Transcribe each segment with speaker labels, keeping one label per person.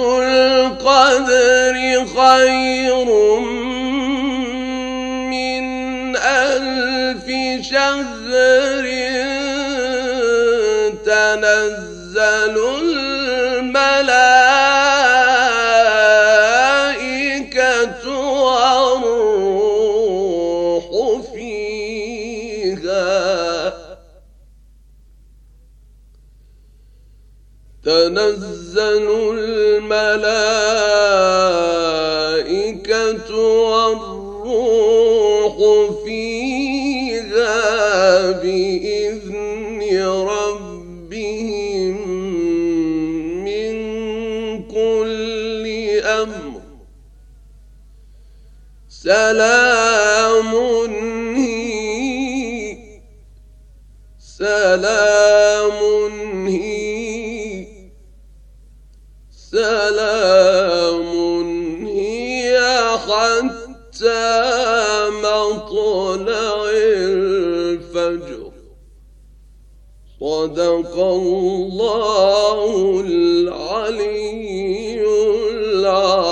Speaker 1: القدر خير من ألف شهر تنزل سلام هي سلام هي سلام هي حتى مطلع الفجر صدق الله العلي العظيم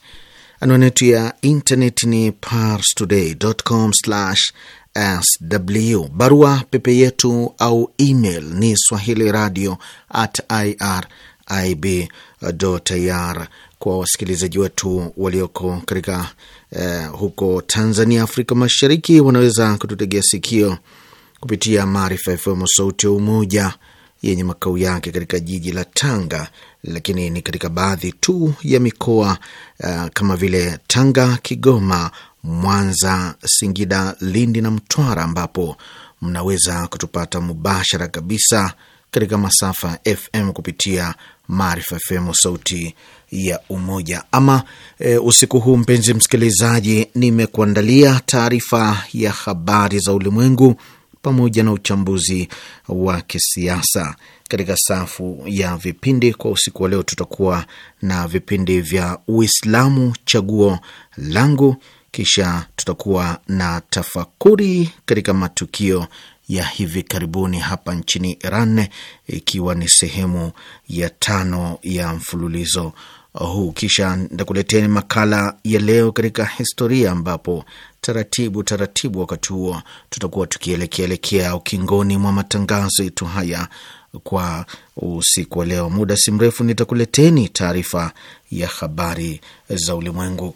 Speaker 2: Anwani yetu ya intaneti ni parstoday.com/sw. Barua pepe yetu au email ni swahili radio at irib.ir. Kwa wasikilizaji wetu walioko katika eh, huko Tanzania, Afrika Mashariki, wanaweza kututegea sikio kupitia Maarifa FM, sauti ya Umoja, yenye makao yake katika jiji la Tanga lakini ni katika baadhi tu ya mikoa uh, kama vile Tanga, Kigoma, Mwanza, Singida, Lindi na Mtwara, ambapo mnaweza kutupata mubashara kabisa katika masafa FM kupitia Maarifa FM, sauti ya Umoja. Ama e, usiku huu mpenzi msikilizaji, nimekuandalia taarifa ya habari za ulimwengu pamoja na uchambuzi wa kisiasa. Katika safu ya vipindi kwa usiku wa leo, tutakuwa na vipindi vya Uislamu chaguo langu, kisha tutakuwa na tafakuri katika matukio ya hivi karibuni hapa nchini Iran, ikiwa ni sehemu ya tano ya mfululizo huu. Kisha nitakuleteni makala ya leo katika historia, ambapo taratibu taratibu. Wakati huo tutakuwa tukielekeelekea ukingoni mwa matangazo yetu haya kwa usiku wa leo. Muda si mrefu nitakuleteni taarifa ya habari za ulimwengu.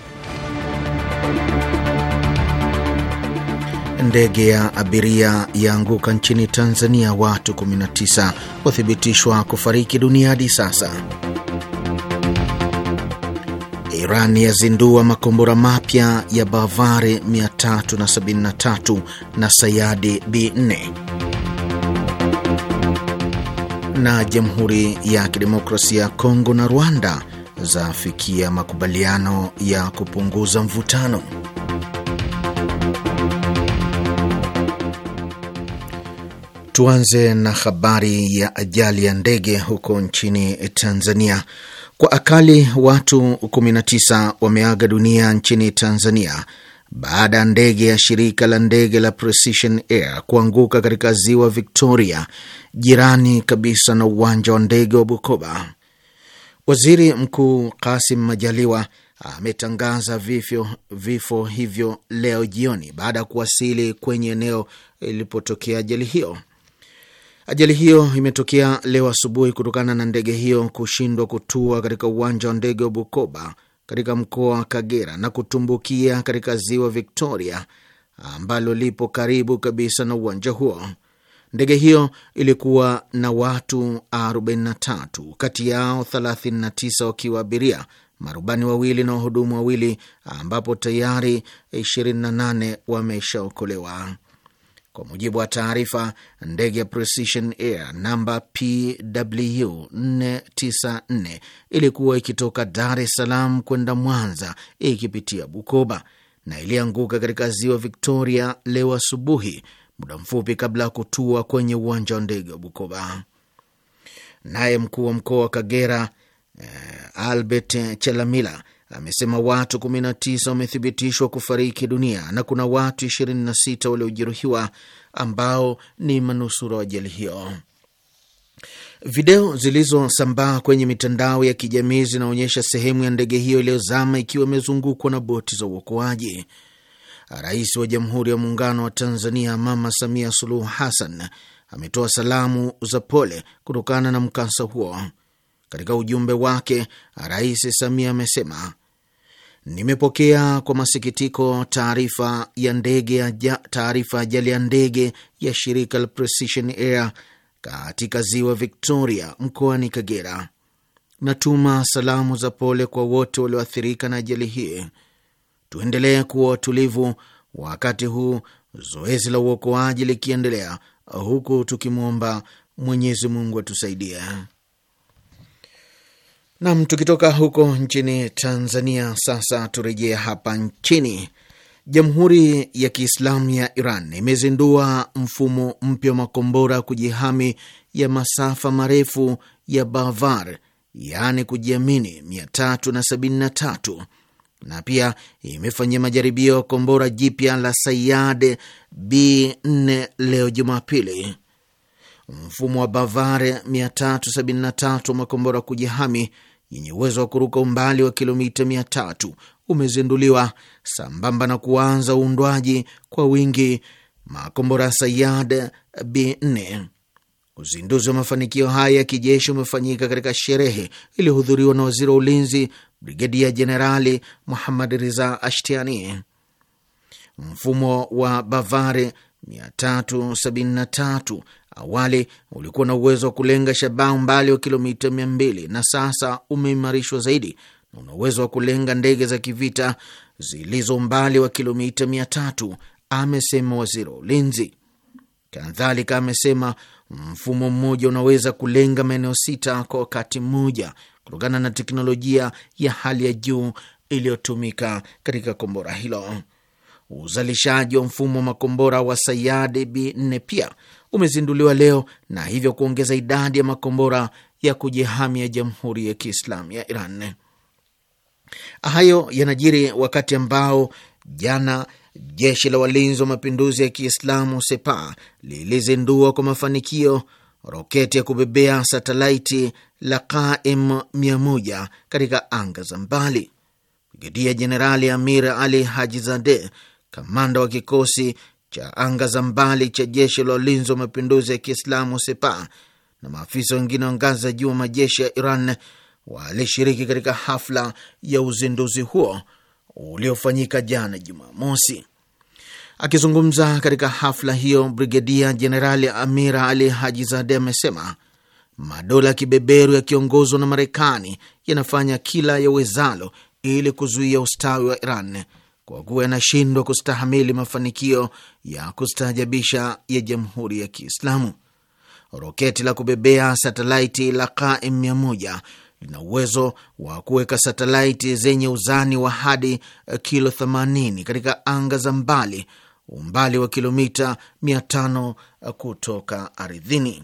Speaker 2: Ndege ya abiria yaanguka nchini Tanzania, watu 19 wathibitishwa kufariki dunia hadi sasa. Iran yazindua makombora mapya ya Bavari 373 na Sayadi B4. Na Jamhuri ya Kidemokrasia ya Kongo na Rwanda zafikia makubaliano ya kupunguza mvutano. Tuanze na habari ya ajali ya ndege huko nchini Tanzania. Kwa akali watu 19 wameaga dunia nchini Tanzania baada ya ndege ya shirika la ndege la Precision Air kuanguka katika ziwa Victoria, jirani kabisa na uwanja wa ndege wa Bukoba. Waziri Mkuu Kasim Majaliwa ametangaza vifo, vifo hivyo leo jioni baada ya kuwasili kwenye eneo ilipotokea ajali hiyo. Ajali hiyo imetokea leo asubuhi kutokana na ndege hiyo kushindwa kutua katika uwanja wa ndege wa Bukoba katika mkoa wa Kagera na kutumbukia katika ziwa Victoria ambalo lipo karibu kabisa na uwanja huo. Ndege hiyo ilikuwa na watu 43, kati yao 39 wakiwa abiria, marubani wawili na wahudumu wawili, ambapo tayari 28 wameshaokolewa. Kwa mujibu wa taarifa, ndege ya Precision Air namba PW494 ilikuwa ikitoka Dar es Salaam kwenda Mwanza ikipitia Bukoba na ilianguka katika ziwa Victoria leo asubuhi, muda mfupi kabla ya kutua kwenye uwanja wa ndege wa Bukoba. Naye mkuu wa mkoa wa Kagera eh, Albert Chelamila amesema watu 19 wamethibitishwa kufariki dunia na kuna watu 26 waliojeruhiwa ambao ni manusura wa ajali hiyo. Video zilizosambaa kwenye mitandao ya kijamii zinaonyesha sehemu ya ndege hiyo iliyozama ikiwa imezungukwa na boti za uokoaji. Rais wa Jamhuri ya Muungano wa Tanzania Mama Samia Suluhu Hassan ametoa salamu za pole kutokana na mkasa huo. Katika ujumbe wake, Rais Samia amesema Nimepokea kwa masikitiko taarifa ya ndege ya taarifa ajali ya ndege ya shirika la Precision Air katika ziwa Victoria mkoani Kagera. Natuma salamu za pole kwa wote walioathirika na ajali hii. Tuendelee kuwa watulivu wakati huu zoezi la uokoaji likiendelea, huku tukimwomba Mwenyezi Mungu atusaidie. Nam, tukitoka huko nchini Tanzania sasa turejea hapa nchini. Jamhuri ya Kiislamu ya Iran imezindua mfumo mpya wa makombora ya kujihami ya masafa marefu ya Bavar, yaani kujiamini 373 na pia imefanyia majaribio ya kombora jipya la Sayad B4 leo Jumapili. Mfumo wa Bavar 373 wa makombora kujihami yenye uwezo wa kuruka umbali wa kilomita mia tatu umezinduliwa sambamba na kuanza uundwaji kwa wingi makombora Sayad B4. Uzinduzi wa mafanikio haya ya kijeshi umefanyika katika sherehe iliyohudhuriwa na waziri wa ulinzi Brigedia Jenerali Muhammad Riza Ashtiani. Mfumo wa Bavari 373 Awali ulikuwa na uwezo wa kulenga shabaha umbali wa kilomita 200 na sasa umeimarishwa zaidi na una uwezo wa kulenga ndege za kivita zilizo umbali wa kilomita 3 amesema waziri wa ulinzi. Kadhalika amesema mfumo mmoja unaweza kulenga maeneo sita kwa wakati mmoja kutokana na teknolojia ya hali ya juu iliyotumika katika kombora hilo. Uzalishaji wa mfumo wa makombora wa Sayad B4 pia umezinduliwa leo na hivyo kuongeza idadi ya makombora ya kujihami ya Jamhuri ya Kiislamu ya Iran. Hayo yanajiri wakati ambao jana jeshi la walinzi wa mapinduzi ya Kiislamu Sepa lilizindua kwa mafanikio roketi ya kubebea satelaiti la Qaem 1 katika anga za mbali. Brigedia Jenerali Amir Ali Hajizade, kamanda wa kikosi cha anga za mbali cha jeshi la ulinzi wa mapinduzi ya Kiislamu Sepah na maafisa wengine wa ngazi za juu wa majeshi ya Iran walishiriki katika hafla ya uzinduzi huo uliofanyika jana Jumamosi. Akizungumza katika hafla hiyo, Brigedia Jenerali Amira Ali haji zade amesema madola ya kibeberu yakiongozwa na Marekani yanafanya kila yawezalo ili kuzuia ustawi wa Iran kwa kuwa yanashindwa kustahamili mafanikio ya kustaajabisha ya Jamhuri ya Kiislamu. Roketi la kubebea satelaiti la Qaem 1 lina uwezo wa kuweka satelaiti zenye uzani wa hadi kilo 80 katika anga za mbali, umbali wa kilomita 500 kutoka ardhini.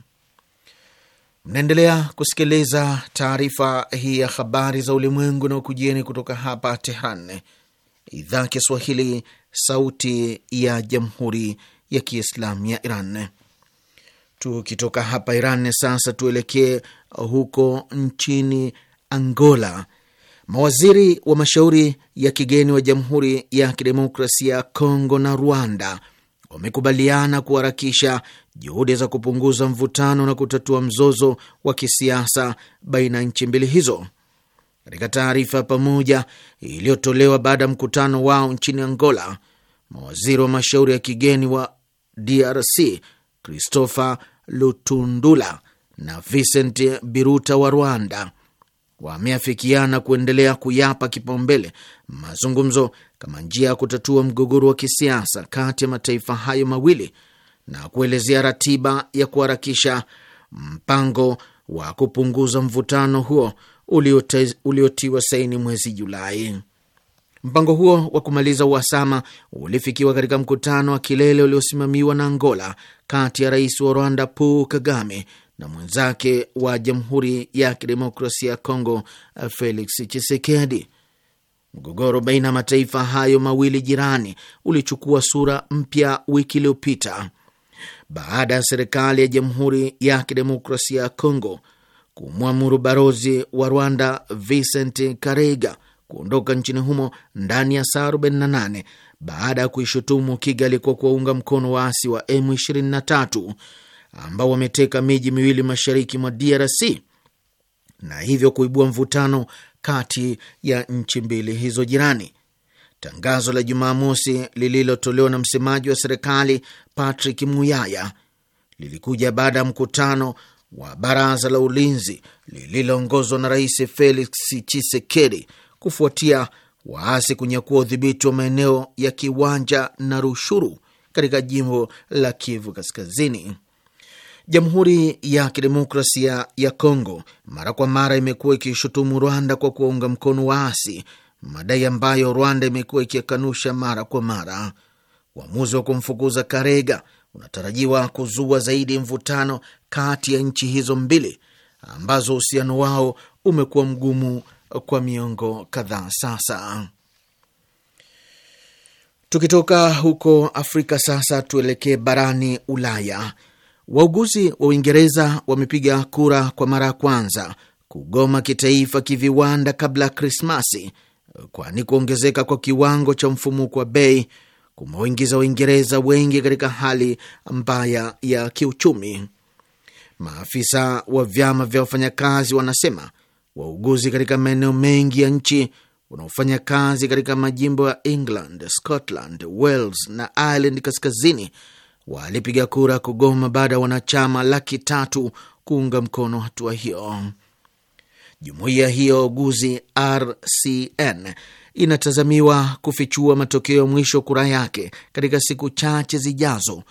Speaker 2: Mnaendelea kusikiliza taarifa hii ya habari za ulimwengu na ukujieni kutoka hapa Tehran, idhaa ya Kiswahili, sauti ya jamhuri ya kiislamu ya Iran. Tukitoka hapa Iran sasa tuelekee huko nchini Angola. Mawaziri wa mashauri ya kigeni wa Jamhuri ya Kidemokrasia ya Kongo na Rwanda wamekubaliana kuharakisha juhudi za kupunguza mvutano na kutatua mzozo wa kisiasa baina ya nchi mbili hizo. Katika taarifa ya pamoja iliyotolewa baada ya mkutano wao nchini Angola, mawaziri wa mashauri ya kigeni wa DRC Christopher Lutundula na Vincent Biruta wa Rwanda wameafikiana kuendelea kuyapa kipaumbele mazungumzo kama njia ya kutatua mgogoro wa kisiasa kati ya mataifa hayo mawili na kuelezea ratiba ya kuharakisha mpango wa kupunguza mvutano huo uliotiwa saini mwezi Julai. Mpango huo wa kumaliza uhasama ulifikiwa katika mkutano wa kilele uliosimamiwa na Angola kati ya rais wa Rwanda Paul Kagame na mwenzake wa Jamhuri ya Kidemokrasia ya Kongo Felix Tshisekedi. Mgogoro baina ya mataifa hayo mawili jirani ulichukua sura mpya wiki iliyopita baada ya serikali ya Jamhuri ya Kidemokrasia ya Kongo kumwamuru balozi wa Rwanda Vincent Karega kuondoka nchini humo ndani ya saa 48 baada ya kuishutumu Kigali kwa kuwaunga mkono waasi wa M23 ambao wameteka miji miwili mashariki mwa DRC na hivyo kuibua mvutano kati ya nchi mbili hizo jirani. Tangazo la Jumamosi lililotolewa na msemaji wa serikali Patrick Muyaya lilikuja baada ya mkutano wa baraza la ulinzi lililoongozwa na Rais Felix Tshisekedi kufuatia waasi kunyakua udhibiti wa maeneo ya Kiwanja na Rushuru katika jimbo la Kivu Kaskazini. Jamhuri ya Kidemokrasia ya Kongo mara kwa mara imekuwa ikishutumu Rwanda kwa kuwaunga mkono waasi, madai ambayo Rwanda imekuwa ikikanusha mara kwa mara. Uamuzi wa kumfukuza Karega, unatarajiwa kuzua zaidi mvutano kati ya nchi hizo mbili ambazo uhusiano wao umekuwa mgumu kwa miongo kadhaa sasa. Tukitoka huko Afrika sasa tuelekee barani Ulaya. Wauguzi wa Uingereza wamepiga kura kwa mara ya kwanza kugoma kitaifa kiviwanda kabla ya Krismasi, kwani kuongezeka kwa kiwango cha mfumuko wa bei kumewaingiza Waingereza wengi katika hali mbaya ya kiuchumi. Maafisa wa vyama vya wafanyakazi wanasema wauguzi katika maeneo mengi ya nchi wanaofanya kazi katika majimbo ya England, Scotland, Wales na Ireland kaskazini walipiga kura kugoma baada ya wanachama laki tatu kuunga mkono hatua hiyo. Jumuiya hiyo wauguzi RCN inatazamiwa kufichua matokeo ya mwisho kura yake katika siku chache zijazo,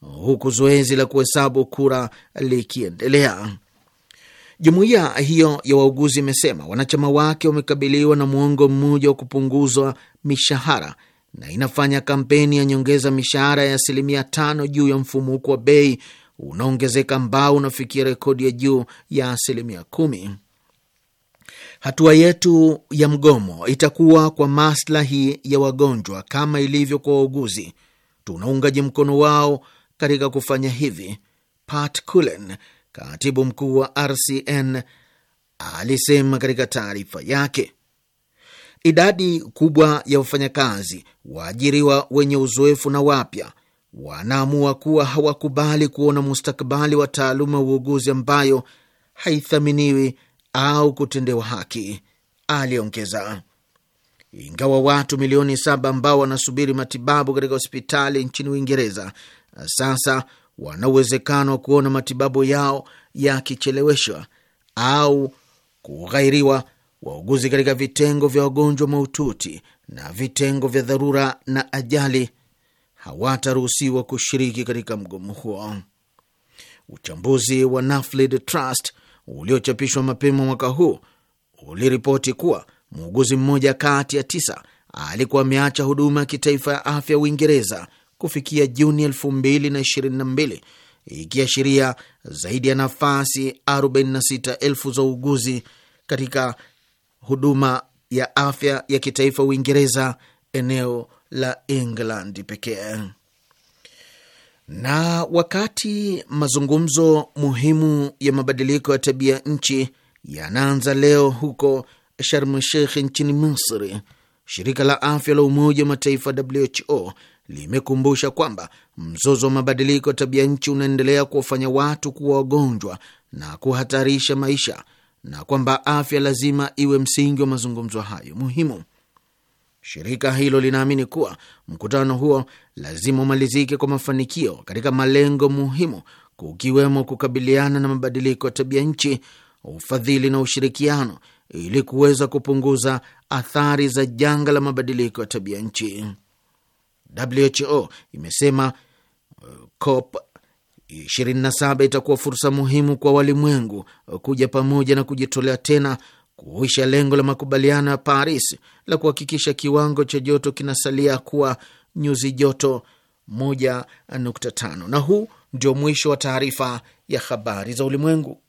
Speaker 2: huku zoezi la kuhesabu kura likiendelea. Jumuiya hiyo ya wauguzi imesema wanachama wake wamekabiliwa na mwongo mmoja wa kupunguzwa mishahara na inafanya kampeni ya nyongeza mishahara ya asilimia tano juu ya mfumuko wa bei unaongezeka ambao unafikia rekodi ya juu ya asilimia kumi. Hatua yetu ya mgomo itakuwa kwa maslahi ya wagonjwa kama ilivyo kwa wauguzi. Tuna uungaji mkono wao katika kufanya hivi, Pat Cullen, katibu mkuu wa RCN, alisema katika taarifa yake. Idadi kubwa ya wafanyakazi waajiriwa wenye uzoefu na wapya wanaamua kuwa hawakubali kuona mustakabali wa taaluma ya uuguzi ambayo haithaminiwi au kutendewa haki, aliongeza. Ingawa watu milioni saba ambao wanasubiri matibabu katika hospitali nchini Uingereza sasa wana uwezekano wa kuona matibabu yao yakicheleweshwa au kughairiwa, wauguzi katika vitengo vya wagonjwa mahututi na vitengo vya dharura na ajali hawataruhusiwa kushiriki katika mgomo huo. Uchambuzi wa Nuffield Trust uliochapishwa mapema mwaka huu uliripoti kuwa muuguzi mmoja kati ya tisa alikuwa ameacha huduma ya kitaifa ya afya Uingereza kufikia Juni 2022 ikiashiria zaidi ya nafasi 46,000 za uuguzi katika huduma ya afya ya kitaifa Uingereza eneo la England pekee. Na wakati mazungumzo muhimu ya mabadiliko ya tabia nchi yanaanza leo huko Sharm Sheikh nchini Misri, shirika la afya la Umoja wa Mataifa WHO limekumbusha kwamba mzozo wa mabadiliko ya tabia nchi unaendelea kuwafanya watu kuwa wagonjwa na kuhatarisha maisha na kwamba afya lazima iwe msingi wa mazungumzo hayo muhimu. Shirika hilo linaamini kuwa mkutano huo lazima umalizike kwa mafanikio katika malengo muhimu, kukiwemo kukabiliana na mabadiliko ya tabia nchi, ufadhili na ushirikiano, ili kuweza kupunguza athari za janga la mabadiliko ya tabia nchi. WHO imesema uh, COP 27 itakuwa fursa muhimu kwa walimwengu uh, kuja pamoja na kujitolea tena kuhuisha lengo la makubaliano ya Paris la kuhakikisha kiwango cha joto kinasalia kuwa nyuzi joto 1.5. Na huu ndio mwisho wa taarifa ya habari za ulimwengu.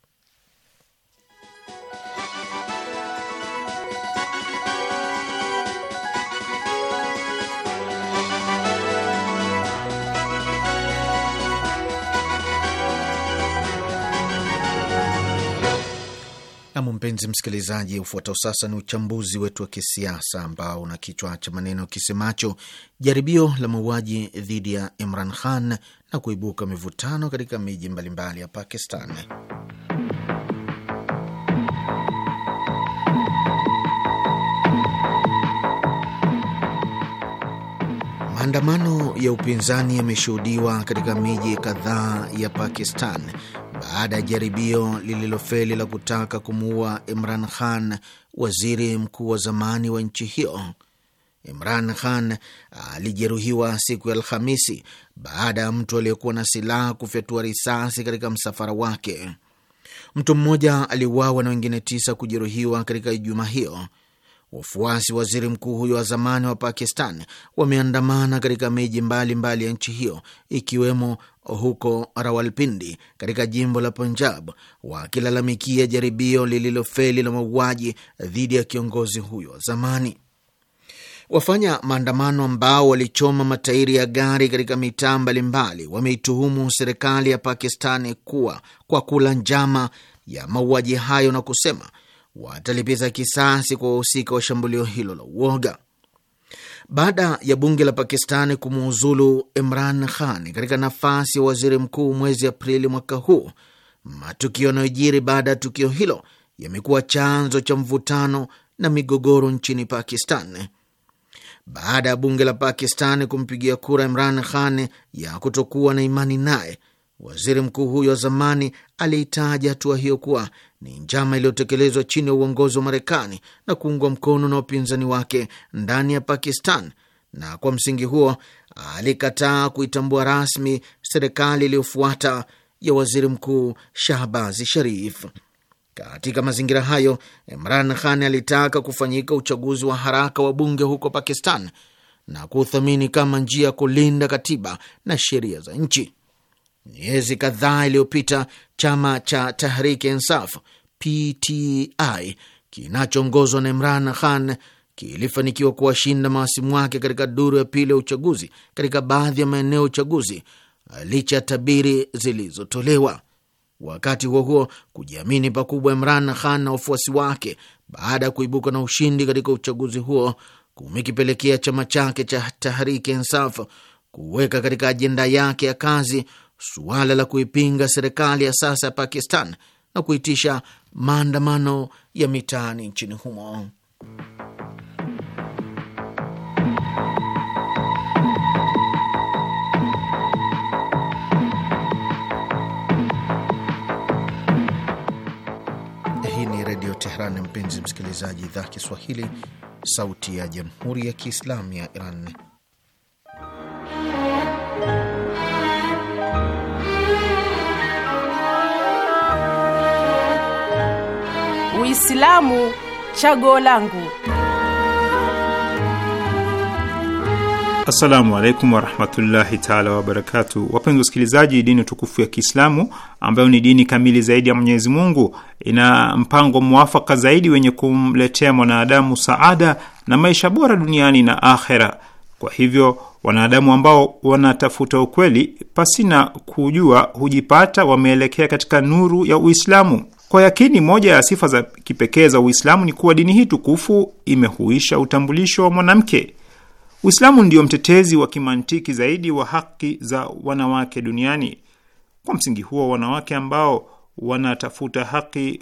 Speaker 2: Nam, mpenzi msikilizaji, ufuatao sasa ni uchambuzi wetu wa kisiasa ambao una kichwa cha maneno kisemacho jaribio la mauaji dhidi ya Imran Khan na kuibuka mivutano katika miji mbalimbali ya Pakistan. Maandamano ya upinzani yameshuhudiwa katika miji kadhaa ya Pakistan baada ya jaribio lililofeli la kutaka kumuua Imran Khan, waziri mkuu wa zamani wa nchi hiyo. Imran Khan alijeruhiwa siku ya Alhamisi baada ya mtu aliyekuwa na silaha kufyatua risasi katika msafara wake. Mtu mmoja aliuawa na wengine tisa kujeruhiwa katika juma hiyo. Wafuasi waziri mkuu huyo wa zamani wa Pakistan wameandamana katika miji mbalimbali ya nchi hiyo ikiwemo huko Rawalpindi katika jimbo la Punjab wakilalamikia jaribio lililofeli la mauaji dhidi ya kiongozi huyo wa zamani. Wafanya maandamano ambao walichoma matairi ya gari katika mitaa mbalimbali wameituhumu serikali ya Pakistani kuwa kwa kula njama ya mauaji hayo na kusema watalipiza kisasi kwa wahusika wa shambulio hilo la uoga baada ya bunge la Pakistani kumuuzulu Imran Khan katika nafasi ya waziri mkuu mwezi Aprili mwaka huu. Matukio yanayojiri baada ya tukio hilo yamekuwa chanzo cha mvutano na migogoro nchini Pakistan. Baada ya bunge la Pakistani kumpigia kura Imran Khan ya kutokuwa na imani naye, waziri mkuu huyo wa zamani aliitaja hatua hiyo kuwa ni njama iliyotekelezwa chini ya uongozi wa Marekani na kuungwa mkono na upinzani wake ndani ya Pakistan, na kwa msingi huo alikataa kuitambua rasmi serikali iliyofuata ya waziri mkuu Shahbaz Sharif. Katika mazingira hayo, Imran Khan alitaka kufanyika uchaguzi wa haraka wa bunge huko Pakistan na kuthamini kama njia ya kulinda katiba na sheria za nchi. Miezi kadhaa iliyopita chama cha Tahriki Insaf PTI kinachoongozwa na Imran Khan kilifanikiwa kuwashinda mawasimu wake katika duru ya pili ya uchaguzi katika baadhi ya maeneo ya uchaguzi licha ya tabiri zilizotolewa. Wakati huo huo, kujiamini pakubwa Imran Khan na wafuasi wake baada ya kuibuka na ushindi katika uchaguzi huo kumekipelekea chama chake cha Tahriki Insaf kuweka katika ajenda yake ya kazi suala la kuipinga serikali ya sasa ya Pakistan na kuitisha maandamano ya mitaani nchini humo. Hii ni Redio Tehran, mpenzi msikilizaji, idhaa Kiswahili, sauti ya Jamhuri ya Kiislamu ya Iran.
Speaker 3: Uislamu chaguo langu.
Speaker 4: Assalamu alaikum warahmatullahi taala wabarakatu, wapenzi wasikilizaji. Dini tukufu ya Kiislamu ambayo ni dini kamili zaidi ya Mwenyezi Mungu ina mpango mwafaka zaidi wenye kumletea mwanadamu saada na maisha bora duniani na akhera. Kwa hivyo wanadamu ambao wanatafuta ukweli pasina kujua hujipata wameelekea katika nuru ya Uislamu. Kwa yakini moja ya sifa za kipekee za Uislamu ni kuwa dini hii tukufu imehuisha utambulisho wa mwanamke. Uislamu ndio mtetezi wa kimantiki zaidi wa haki za wanawake duniani. Kwa msingi huo, wanawake ambao wanatafuta haki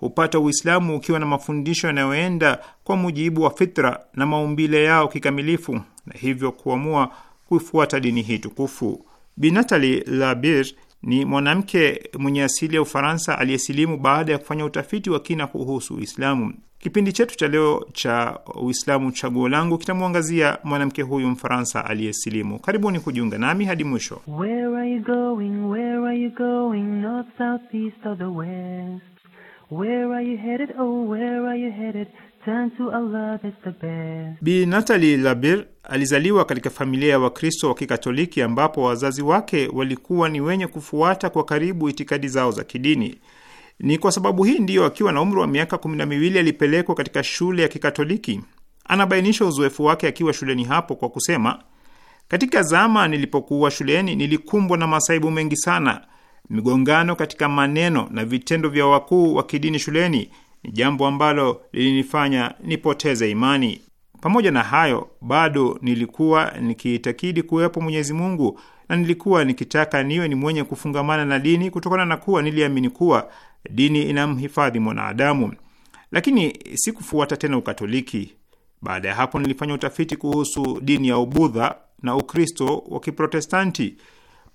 Speaker 4: hupata Uislamu ukiwa na mafundisho yanayoenda kwa mujibu wa fitra na maumbile yao kikamilifu, na hivyo kuamua kuifuata dini hii tukufu. Binatali Labir ni mwanamke mwenye asili ya Ufaransa aliyesilimu baada ya kufanya utafiti wa kina kuhusu Uislamu. Kipindi chetu cha leo cha Uislamu Chaguo Langu kitamwangazia mwanamke huyu Mfaransa aliyesilimu. Karibuni kujiunga nami hadi mwisho. Bi Natali Labir alizaliwa katika familia ya Wakristo wa Kikatoliki ambapo wazazi wake walikuwa ni wenye kufuata kwa karibu itikadi zao za kidini. Ni kwa sababu hii ndiyo akiwa na umri wa miaka kumi na miwili alipelekwa katika shule ya Kikatoliki. Anabainisha uzoefu wake akiwa shuleni hapo kwa kusema, katika zama nilipokuwa shuleni nilikumbwa na masaibu mengi sana, migongano katika maneno na vitendo vya wakuu wa kidini shuleni ni jambo ambalo lilinifanya nipoteze imani. Pamoja na hayo, bado nilikuwa nikiitakidi kuwepo Mwenyezi Mungu na nilikuwa nikitaka niwe ni mwenye kufungamana na dini kutokana na kuwa niliamini kuwa dini inamhifadhi mwanadamu, lakini sikufuata tena Ukatoliki. Baada ya hapo, nilifanya utafiti kuhusu dini ya Ubudha na Ukristo wa Kiprotestanti.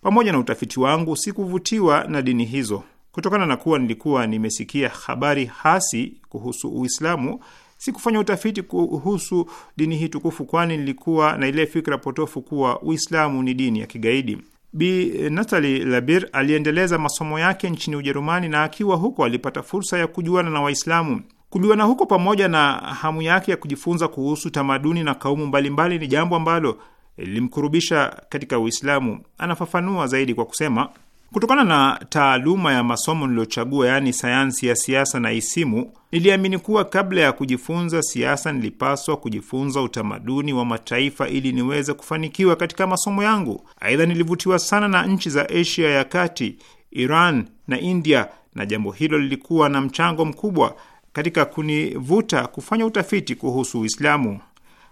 Speaker 4: Pamoja na utafiti wangu, sikuvutiwa na dini hizo. Kutokana na kuwa nilikuwa nimesikia habari hasi kuhusu Uislamu, sikufanya utafiti kuhusu dini hii tukufu, kwani nilikuwa na ile fikra potofu kuwa Uislamu ni dini ya kigaidi. Bi Natali Labir aliendeleza masomo yake nchini Ujerumani na akiwa huko alipata fursa ya kujuana na Waislamu. Kujuana huko pamoja na hamu yake ya kujifunza kuhusu tamaduni na kaumu mbalimbali ni jambo ambalo lilimkurubisha katika Uislamu. Anafafanua zaidi kwa kusema: Kutokana na taaluma ya masomo niliyochagua, yaani sayansi ya siasa na isimu, niliamini kuwa kabla ya kujifunza siasa nilipaswa kujifunza utamaduni wa mataifa ili niweze kufanikiwa katika masomo yangu. Aidha, nilivutiwa sana na nchi za Asia ya Kati, Iran na India, na jambo hilo lilikuwa na mchango mkubwa katika kunivuta kufanya utafiti kuhusu Uislamu.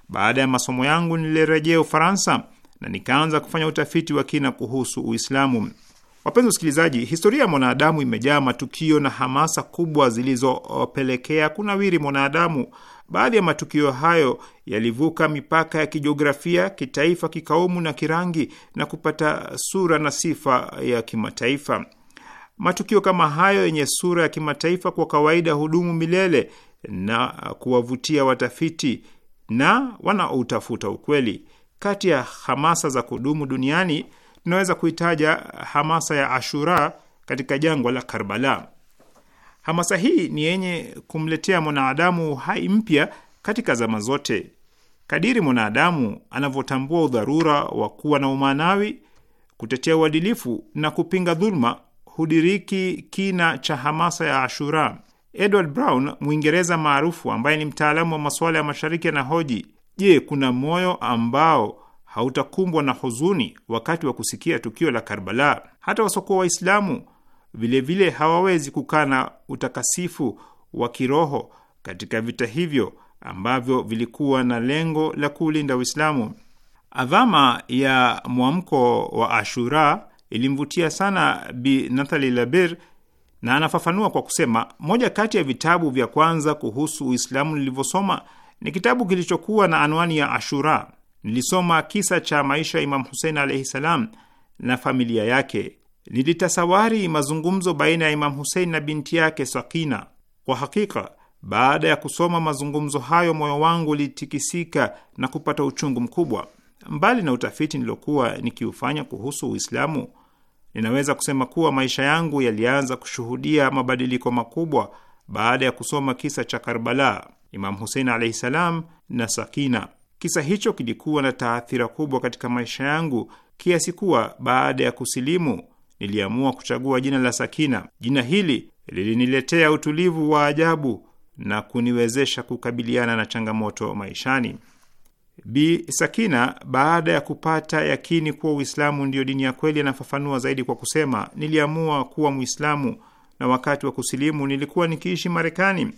Speaker 4: Baada ya masomo yangu nilirejea Ufaransa na nikaanza kufanya utafiti wa kina kuhusu Uislamu. Wapenzi wasikilizaji, historia ya mwanadamu imejaa matukio na hamasa kubwa zilizopelekea kunawiri mwanadamu. Baadhi ya matukio hayo yalivuka mipaka ya kijiografia, kitaifa, kikaumu na kirangi na kupata sura na sifa ya kimataifa. Matukio kama hayo yenye sura ya kimataifa kwa kawaida hudumu milele na kuwavutia watafiti na wanaoutafuta ukweli. Kati ya hamasa za kudumu duniani tunaweza kuitaja hamasa ya Ashura katika jangwa la Karbala. Hamasa hii ni yenye kumletea mwanadamu uhai mpya katika zama zote. Kadiri mwanadamu anavyotambua udharura wa kuwa na umaanawi, kutetea uadilifu na kupinga dhuluma, hudiriki kina cha hamasa ya Ashura. Edward Brown, Mwingereza maarufu ambaye ni mtaalamu wa masuala ya mashariki, anahoji: Je, kuna moyo ambao hautakumbwa na huzuni wakati wa kusikia tukio la Karbala. Hata wasokuwa Waislamu vilevile hawawezi kukana utakasifu wa kiroho katika vita hivyo ambavyo vilikuwa na lengo la kuulinda Uislamu. Adhama ya mwamko wa Ashura ilimvutia sana Bi Nathali Labir, na anafafanua kwa kusema, moja kati ya vitabu vya kwanza kuhusu Uislamu nilivyosoma ni kitabu kilichokuwa na anwani ya Ashura nilisoma kisa cha maisha ya Imam Husein alaihi salam na familia yake. Nilitasawari mazungumzo baina ya Imam Husein na binti yake Sakina. Kwa hakika, baada ya kusoma mazungumzo hayo, moyo wangu ulitikisika na kupata uchungu mkubwa. Mbali na utafiti nilokuwa nikiufanya kuhusu Uislamu, ninaweza kusema kuwa maisha yangu yalianza kushuhudia mabadiliko makubwa baada ya kusoma kisa cha Karbala, Imam Husein alaihi salam na Sakina. Kisa hicho kilikuwa na taathira kubwa katika maisha yangu kiasi kuwa baada ya kusilimu niliamua kuchagua jina la Sakina. Jina hili liliniletea utulivu wa ajabu na kuniwezesha kukabiliana na changamoto maishani. Bi Sakina, baada ya kupata yakini kuwa Uislamu ndiyo dini ya kweli, anafafanua zaidi kwa kusema, niliamua kuwa Mwislamu na wakati wa kusilimu nilikuwa nikiishi Marekani.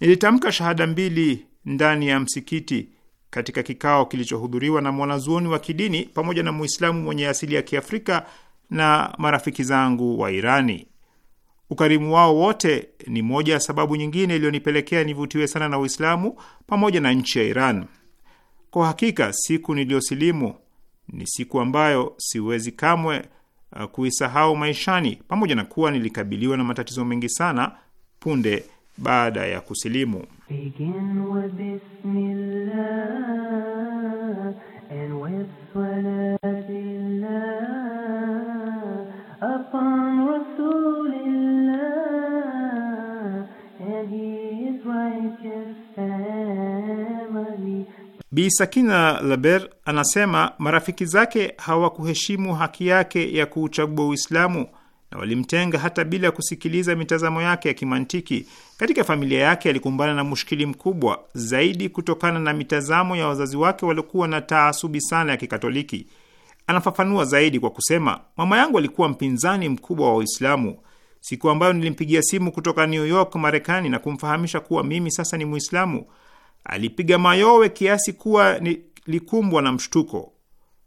Speaker 4: Nilitamka shahada mbili ndani ya msikiti katika kikao kilichohudhuriwa na mwanazuoni wa kidini pamoja na Muislamu mwenye asili ya Kiafrika na marafiki zangu wa Irani. Ukarimu wao wote ni moja ya sababu nyingine iliyonipelekea nivutiwe sana na Uislamu pamoja na nchi ya Iran. Kwa hakika siku niliyosilimu ni siku ambayo siwezi kamwe uh, kuisahau maishani, pamoja na kuwa nilikabiliwa na matatizo mengi sana punde baada ya kusilimu.
Speaker 5: Begin with Bismillah and with Salatillah upon Rasulillah and his righteous family.
Speaker 4: Bi Sakina Laber anasema marafiki zake hawakuheshimu haki yake ya kuuchagua Uislamu na walimtenga hata bila kusikiliza mitazamo yake ya kimantiki. Katika familia yake alikumbana na mushkili mkubwa zaidi kutokana na mitazamo ya wazazi wake waliokuwa na taasubi sana ya Kikatoliki. Anafafanua zaidi kwa kusema, mama yangu alikuwa mpinzani mkubwa wa Waislamu. Siku ambayo nilimpigia simu kutoka New York, Marekani, na kumfahamisha kuwa mimi sasa ni Muislamu, alipiga mayowe kiasi kuwa nilikumbwa na mshtuko.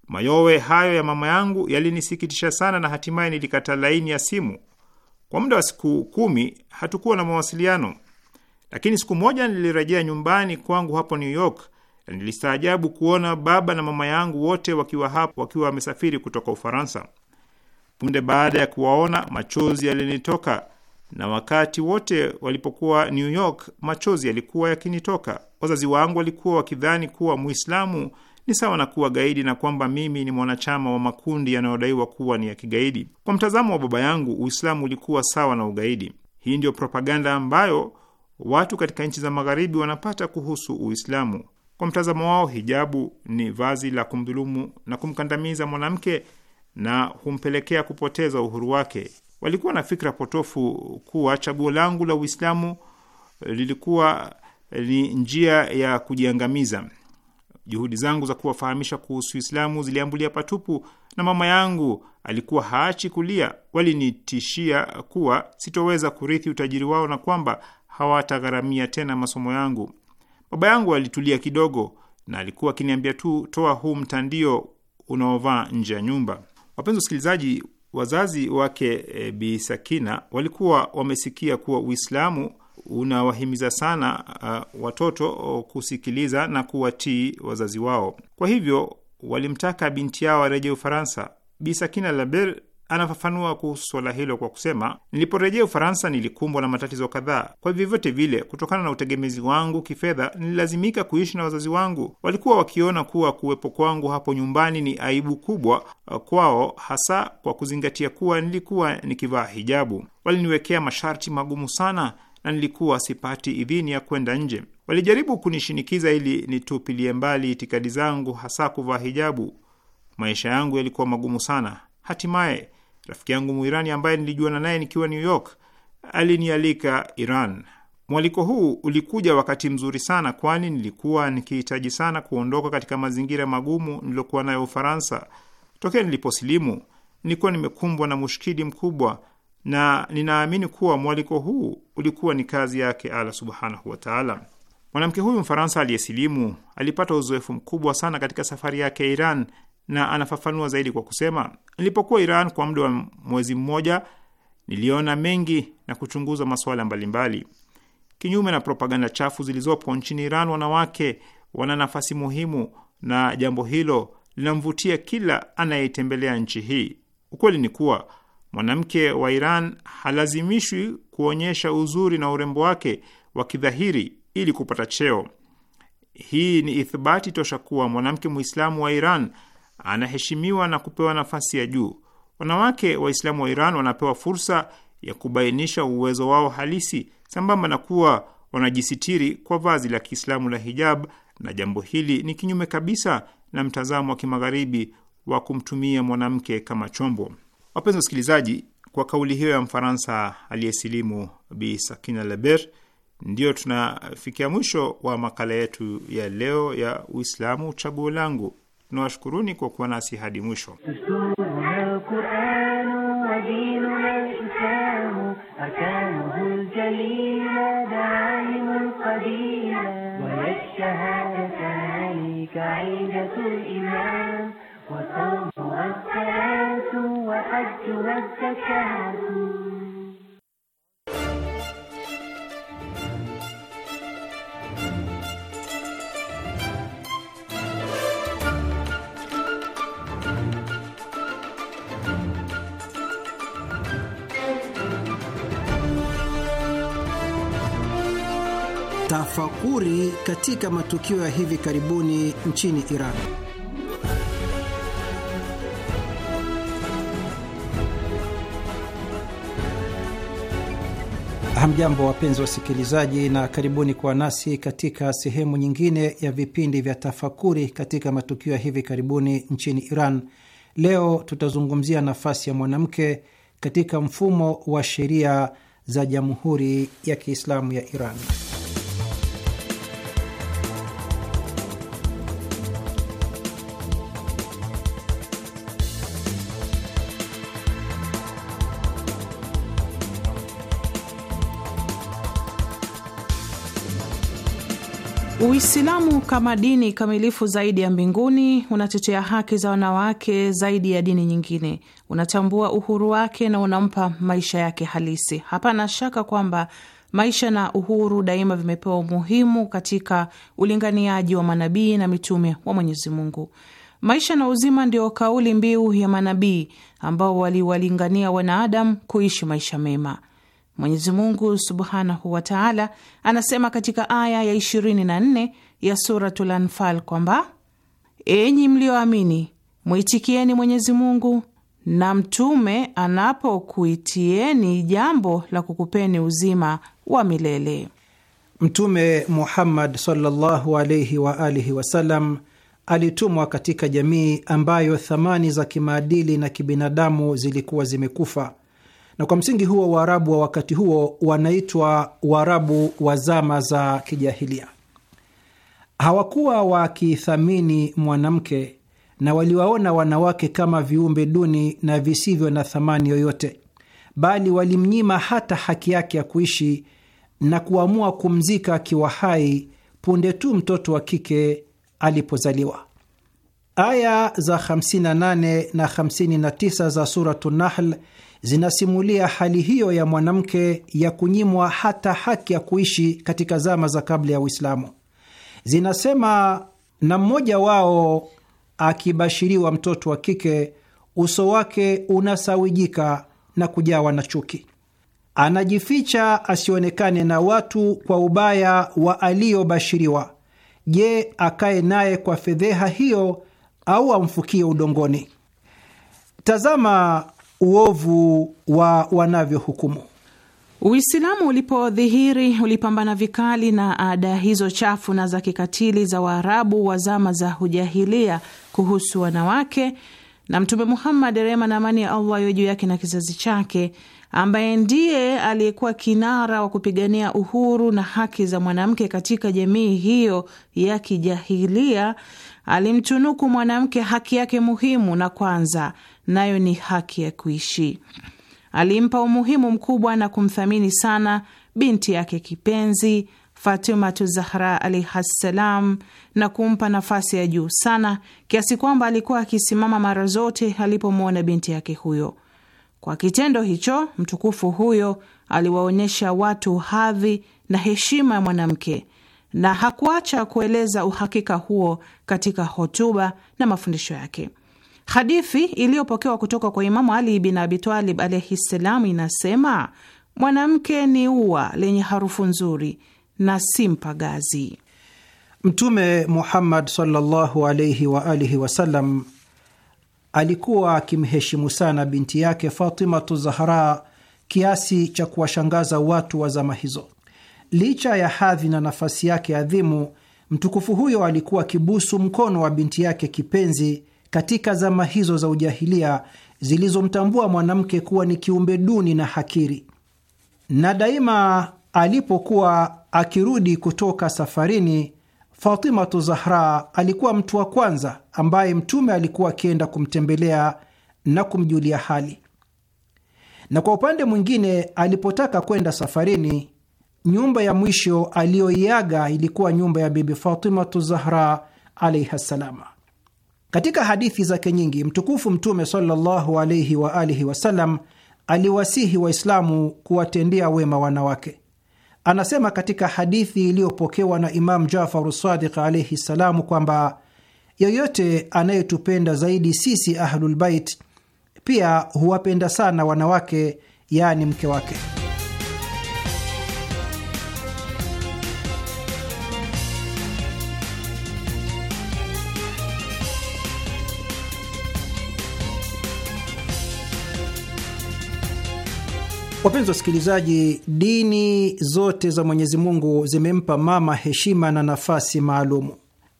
Speaker 4: Mayowe hayo ya mama yangu yalinisikitisha sana na hatimaye nilikata laini ya simu. Kwa muda wa siku kumi hatukuwa na mawasiliano, lakini siku moja nilirejea nyumbani kwangu hapo New York na nilistaajabu kuona baba na mama yangu wote wakiwa hapo, wakiwa wamesafiri kutoka Ufaransa. Punde baada ya kuwaona, machozi yalinitoka, na wakati wote walipokuwa New York machozi yalikuwa yakinitoka. Wazazi wangu walikuwa wakidhani kuwa Muislamu ni sawa na kuwa gaidi na kwamba mimi ni mwanachama wa makundi yanayodaiwa kuwa ni ya kigaidi. Kwa mtazamo wa baba yangu, Uislamu ulikuwa sawa na ugaidi. Hii ndiyo propaganda ambayo watu katika nchi za Magharibi wanapata kuhusu Uislamu. Kwa mtazamo wao, hijabu ni vazi la kumdhulumu na kumkandamiza mwanamke na humpelekea kupoteza uhuru wake. Walikuwa na fikra potofu kuwa chaguo langu la Uislamu lilikuwa ni njia ya kujiangamiza. Juhudi zangu za kuwafahamisha kuhusu Uislamu ziliambulia patupu, na mama yangu alikuwa haachi kulia. Walinitishia kuwa sitoweza kurithi utajiri wao na kwamba hawatagharamia tena masomo yangu. Baba yangu alitulia kidogo, na alikuwa akiniambia tu, toa huu mtandio unaovaa nje ya nyumba. Wapenzi wasikilizaji, wazazi wake e, Bi Sakina walikuwa wamesikia kuwa Uislamu unawahimiza sana uh, watoto uh, kusikiliza na kuwatii wazazi wao. Kwa hivyo walimtaka binti yao arejee Ufaransa. Bi Sakina Laber anafafanua kuhusu suala hilo kwa kusema, niliporejea Ufaransa nilikumbwa na matatizo kadhaa. Kwa vyovyote vile, kutokana na utegemezi wangu kifedha, nililazimika kuishi na wazazi wangu. Walikuwa wakiona kuwa kuwepo kwangu hapo nyumbani ni aibu kubwa uh, kwao, hasa kwa kuzingatia kuwa nilikuwa nikivaa hijabu. Waliniwekea masharti magumu sana na nilikuwa sipati idhini ya kwenda nje. Walijaribu kunishinikiza ili nitupilie mbali itikadi zangu, hasa kuvaa hijabu. Maisha yangu yalikuwa magumu sana. Hatimaye rafiki yangu Muirani ambaye nilijuana naye nikiwa New York alinialika Iran. Mwaliko huu ulikuja wakati mzuri sana, kwani nilikuwa nikihitaji sana kuondoka katika mazingira magumu niliokuwa nayo Ufaransa. Tokea niliposilimu nilikuwa nimekumbwa na mushikidi mkubwa na ninaamini kuwa mwaliko huu ulikuwa ni kazi yake Allah subhanahu wataala. Mwanamke huyu Mfaransa aliyesilimu alipata uzoefu mkubwa sana katika safari yake ya Iran na anafafanua zaidi kwa kusema, nilipokuwa Iran kwa muda wa mwezi mmoja, niliona mengi na kuchunguza masuala mbalimbali. Kinyume na propaganda chafu zilizopo nchini Iran, wanawake wana nafasi muhimu na jambo hilo linamvutia kila anayetembelea nchi hii. Ukweli ni kuwa Mwanamke wa Iran halazimishwi kuonyesha uzuri na urembo wake wa kidhahiri ili kupata cheo. Hii ni ithibati tosha kuwa mwanamke Mwislamu wa Iran anaheshimiwa na kupewa nafasi ya juu. Wanawake Waislamu wa Iran wanapewa fursa ya kubainisha uwezo wao halisi sambamba na kuwa wanajisitiri kwa vazi la Kiislamu la hijab, na jambo hili ni kinyume kabisa na mtazamo wa kimagharibi wa kumtumia mwanamke kama chombo. Wapenzi wasikilizaji, kwa kauli hiyo ya Mfaransa aliyesilimu Bi Sakina Lebert, ndiyo tunafikia mwisho wa makala yetu ya leo ya Uislamu Chaguo Langu. Tunawashukuruni kwa kuwa nasi hadi mwisho.
Speaker 5: الحج والزكاة
Speaker 6: Tafakuri katika matukio ya hivi karibuni nchini Iran. Hamjambo, wapenzi wasikilizaji, na karibuni kwa nasi katika sehemu nyingine ya vipindi vya tafakuri katika matukio ya hivi karibuni nchini Iran. Leo tutazungumzia nafasi ya mwanamke katika mfumo wa sheria za Jamhuri ya Kiislamu ya Iran.
Speaker 3: Uislamu kama dini kamilifu zaidi ya mbinguni unatetea haki za wanawake zaidi ya dini nyingine, unatambua uhuru wake na unampa maisha yake halisi. Hapana shaka kwamba maisha na uhuru daima vimepewa umuhimu katika ulinganiaji wa manabii na mitume wa Mwenyezi Mungu. Maisha na uzima ndio kauli mbiu ya manabii ambao waliwalingania wanaadamu kuishi maisha mema. Mwenyezi Mungu subhanahu wa taala anasema katika aya ya 24 ya Suratul Anfal kwamba enyi mlioamini, mwitikieni Mwenyezi Mungu na mtume anapokuitieni jambo la kukupeni uzima wa milele.
Speaker 6: Mtume Muhammad sallallahu alayhi wa alihi wasallam alitumwa katika jamii ambayo thamani za kimaadili na kibinadamu zilikuwa zimekufa na kwa msingi huo Waarabu wa wakati huo wanaitwa Waarabu wa zama za kijahilia. Hawakuwa wakithamini mwanamke na waliwaona wanawake kama viumbe duni na visivyo na thamani yoyote, bali walimnyima hata haki yake ya kuishi na kuamua kumzika akiwa hai punde tu mtoto wa kike alipozaliwa. Aya za 58 na 59 za Suratu Nahl zinasimulia hali hiyo ya mwanamke ya kunyimwa hata haki ya kuishi katika zama za kabla ya Uislamu. Zinasema, na mmoja wao akibashiriwa mtoto wa kike, uso wake unasawijika na kujawa na chuki, anajificha asionekane na watu kwa ubaya wa aliyobashiriwa. Je, akae naye kwa fedheha hiyo au amfukie udongoni? Tazama uovu wa wanavyohukumu.
Speaker 3: Uislamu ulipodhihiri ulipambana vikali na ada hizo chafu na za kikatili za Waarabu wa zama za hujahilia kuhusu wanawake, na Mtume Muhammad, rehma na amani ya Allah iwe juu yake na kizazi chake, ambaye ndiye aliyekuwa kinara wa kupigania uhuru na haki za mwanamke katika jamii hiyo ya kijahilia alimtunuku mwanamke haki yake muhimu na kwanza, nayo ni haki ya kuishi. Alimpa umuhimu mkubwa na kumthamini sana binti yake kipenzi Fatimatu Zahra alaihassalam, na kumpa nafasi ya juu sana kiasi kwamba alikuwa akisimama mara zote alipomwona binti yake huyo. Kwa kitendo hicho mtukufu huyo aliwaonyesha watu hadhi na heshima ya mwanamke na hakuacha kueleza uhakika huo katika hotuba na mafundisho yake. Hadithi iliyopokewa kutoka kwa Imamu Ali bin Abitalib alaihi ssalam inasema mwanamke ni ua lenye harufu nzuri na si mpagazi.
Speaker 6: Mtume Muhammad sallallahu alaihi wa alihi wasallam alikuwa akimheshimu sana binti yake Fatimatu Zahra kiasi cha kuwashangaza watu wa zama hizo. Licha ya hadhi na nafasi yake adhimu, mtukufu huyo alikuwa akibusu mkono wa binti yake kipenzi katika zama hizo za ujahilia zilizomtambua mwanamke kuwa ni kiumbe duni na hakiri, na daima alipokuwa akirudi kutoka safarini, Fatimatu Zahra alikuwa mtu wa kwanza ambaye Mtume alikuwa akienda kumtembelea na kumjulia hali. Na kwa upande mwingine, alipotaka kwenda safarini, Nyumba ya mwisho aliyoiaga ilikuwa nyumba ya Bibi Fatimatu Zahra alaihi ssalama. Katika hadithi zake nyingi, mtukufu Mtume sallallahu alaihi wa alihi wasallam aliwasihi Waislamu kuwatendea wema wanawake. Anasema katika hadithi iliyopokewa na Imamu Jafaru Sadiq alaihi ssalamu kwamba yoyote anayetupenda zaidi sisi Ahlulbait pia huwapenda sana wanawake, yaani mke wake. Wapenzi wasikilizaji, dini zote za Mwenyezi Mungu zimempa mama heshima na nafasi maalumu.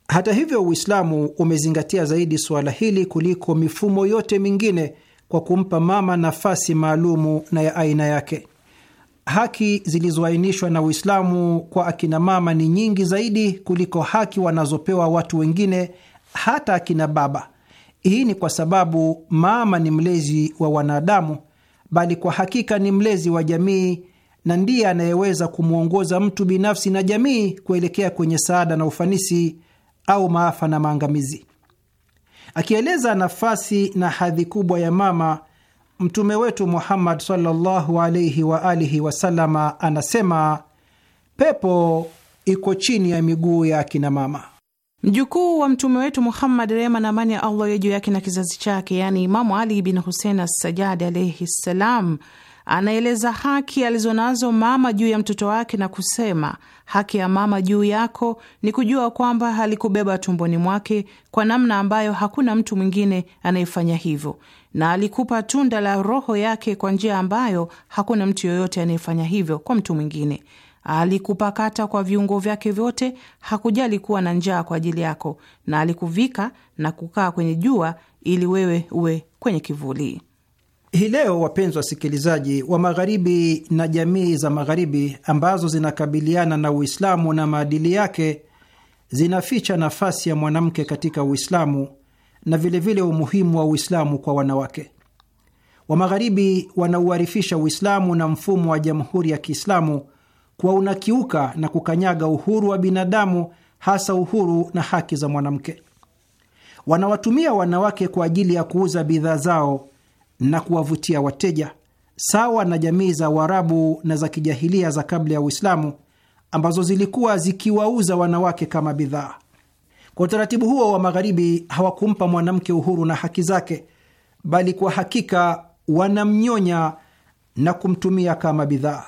Speaker 6: Hata hivyo, Uislamu umezingatia zaidi suala hili kuliko mifumo yote mingine kwa kumpa mama nafasi maalumu na ya aina yake. Haki zilizoainishwa na Uislamu kwa akina mama ni nyingi zaidi kuliko haki wanazopewa watu wengine, hata akina baba. Hii ni kwa sababu mama ni mlezi wa wanadamu bali kwa hakika ni mlezi wa jamii na ndiye anayeweza kumwongoza mtu binafsi na jamii kuelekea kwenye saada na ufanisi au maafa na maangamizi. Akieleza nafasi na hadhi kubwa ya mama, mtume wetu Muhammad sallallahu alaihi wa alihi wasalama anasema, pepo iko chini ya miguu ya akina mama.
Speaker 3: Mjukuu wa mtume wetu Muhammad, rehma na amani ya Allah ya juu yake na kizazi chake, yaani Imamu Ali bin Husein Assajadi alaihi ssalam, anaeleza haki alizonazo mama juu ya mtoto wake na kusema, haki ya mama juu yako ni kujua kwamba alikubeba tumboni mwake kwa namna ambayo hakuna mtu mwingine anayefanya hivyo, na alikupa tunda la roho yake kwa njia ambayo hakuna mtu yoyote anayefanya hivyo kwa mtu mwingine alikupakata kwa viungo vyake vyote, hakujali kuwa na njaa kwa ajili yako, na alikuvika na kukaa kwenye jua ili wewe uwe kwenye kivuli. Hii
Speaker 6: leo wapenzi wasikilizaji, wa Magharibi na jamii za Magharibi ambazo zinakabiliana na Uislamu na maadili yake zinaficha nafasi ya mwanamke katika Uislamu na vilevile vile umuhimu wa Uislamu kwa wanawake. Wa Magharibi wanauharifisha Uislamu na mfumo wa Jamhuri ya Kiislamu kuwa unakiuka na kukanyaga uhuru wa binadamu, hasa uhuru na haki za mwanamke. Wanawatumia wanawake kwa ajili ya kuuza bidhaa zao na kuwavutia wateja, sawa na jamii za Uarabu na za kijahilia za kabla ya Uislamu ambazo zilikuwa zikiwauza wanawake kama bidhaa. Kwa utaratibu huo wa Magharibi, hawakumpa mwanamke uhuru na haki zake, bali kwa hakika wanamnyonya na kumtumia kama bidhaa.